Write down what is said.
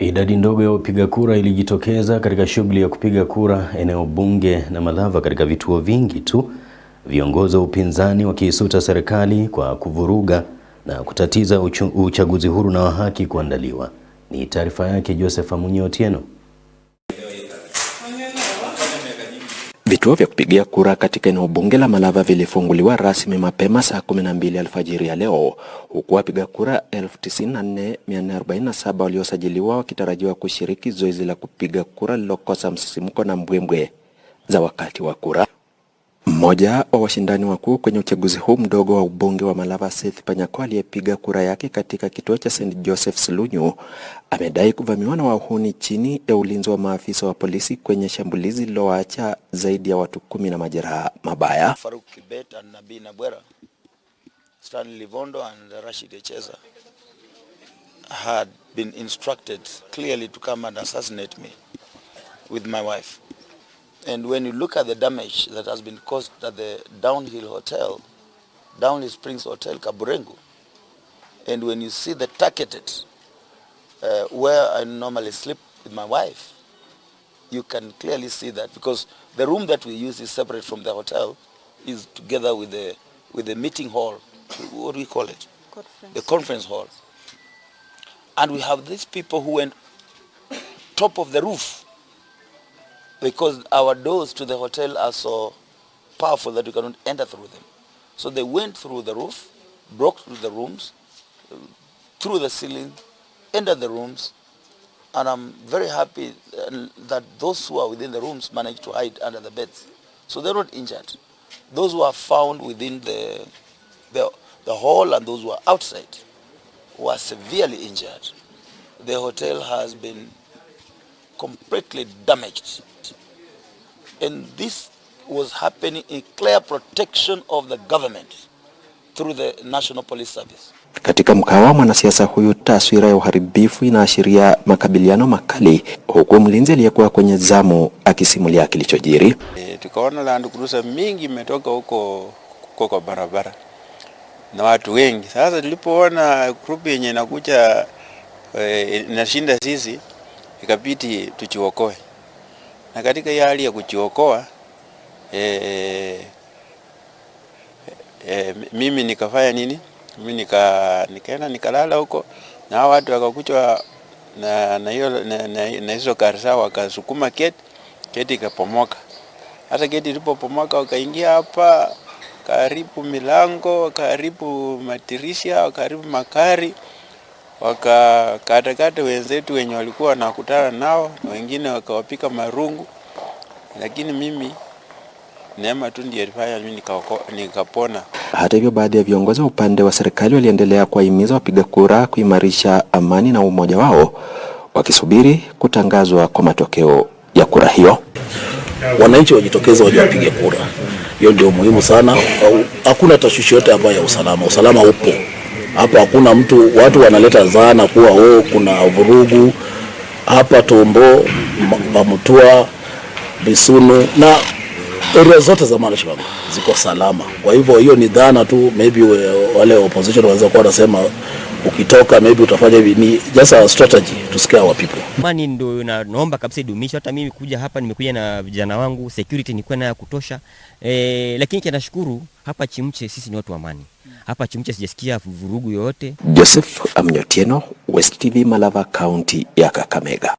Idadi ndogo ya wapiga kura ilijitokeza katika shughuli ya kupiga kura eneo bunge na Malava katika vituo vingi tu, viongozi wa upinzani wakiisuta serikali kwa kuvuruga na kutatiza uchaguzi huru na wa haki kuandaliwa. Ni taarifa yake Joseph Amunyi Otieno. Vituo vya kupigia kura katika eneo bunge la Malava vilifunguliwa rasmi mapema saa 12 alfajiri ya leo, huku wapiga kura 94447 waliosajiliwa wakitarajiwa kushiriki zoezi la kupiga kura lililokosa msisimko na mbwembwe za wakati wa kura. Mmoja wa washindani wakuu kwenye uchaguzi huu mdogo wa ubunge wa Malava, Seth Panyako, aliyepiga kura yake katika kituo cha St Joseph's Lunyu, amedai kuvamiwa na wahuni chini ya ulinzi wa maafisa wa polisi kwenye shambulizi lilowaacha zaidi ya watu kumi na majeraha mabaya. Faruk Kibet and Nabii Nabwera, Stanley Livondo and Rashid Echeza had been instructed clearly to come and assassinate me with my wife. And when you look at the damage that has been caused at the Downhill Hotel, Downhill Springs Hotel, kaburengu and when you see the targeted uh, where I normally sleep with my wife, you can clearly see that because the room that we use is separate from the hotel, is together with the, with the meeting hall, what do we call it? Conference. The conference hall. And we have these people who went top of the roof because our doors to the hotel are so powerful that you cannot enter through them. So they went through the roof, broke through the rooms, through the ceiling, entered the rooms, and I'm very happy uh, that those who are within the rooms managed to hide under the beds. So they're not injured. Those who are found within the, the, the hall and those who are outside were severely injured. The hotel has been completely damaged. And this was happening in clear protection of the government through the National Police Service. Katika mkawa mwanasiasa huyu, taswira ya uharibifu inaashiria makabiliano makali, huku mlinzi aliyekuwa kwenye zamu akisimulia kilichojiri. E, tukaona Land Cruiser mingi imetoka huko huko kwa barabara na watu wengi. Sasa tulipoona grupu yenye inakuja e, inashinda sisi ikabidi tujiokoe, na katika hali ya kujiokoa e, e, mimi nikafanya nini? Mimi nika nikaenda nikalala huko na watu wakakuchwa na na hiyo na, na, na hizo karsa wakasukuma keti, keti ikapomoka. Hata keti ilipopomoka wakaingia hapa, karibu milango, karibu madirisha, karibu makari wakakatakata wenzetu wenye walikuwa wanakutana nao, na wengine wakawapika marungu, lakini mimi neema tu ndiyo ilifanya mimi nikapona. Hata hivyo, baadhi ya viongozi wa upande wa serikali waliendelea kuwahimiza wapiga kura kuimarisha amani na umoja wao, wakisubiri kutangazwa kwa matokeo ya kura hiyo. Wananchi wajitokeze waje wapige kura, hiyo ndio muhimu sana. Hakuna tashwishi yote ambayo ya usalama, usalama upo. Hapa hakuna mtu, watu wanaleta zana kuwa oh, kuna vurugu hapa Tombo, Bamtua, Bisunu na eria zote za Marash ziko salama. Kwa hivyo hiyo ni dhana tu, maybe wale opposition wanaweza kuwa wanasema ukitoka maybe utafanya hivi, ni just a strategy to scare our people. Mani ndio na, naomba kabisa idumishwe. Hata mimi kuja hapa nimekuja na vijana wangu, security ni nayo ya kutosha e, lakini kia nashukuru hapa Chimche sisi ni watu wa amani. Hapa Chimche sijasikia vurugu yoyote. Joseph Amnyotieno, West TV, Malava, County ya Kakamega.